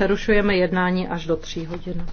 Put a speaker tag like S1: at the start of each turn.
S1: přerušujeme jednání až do tří hodin.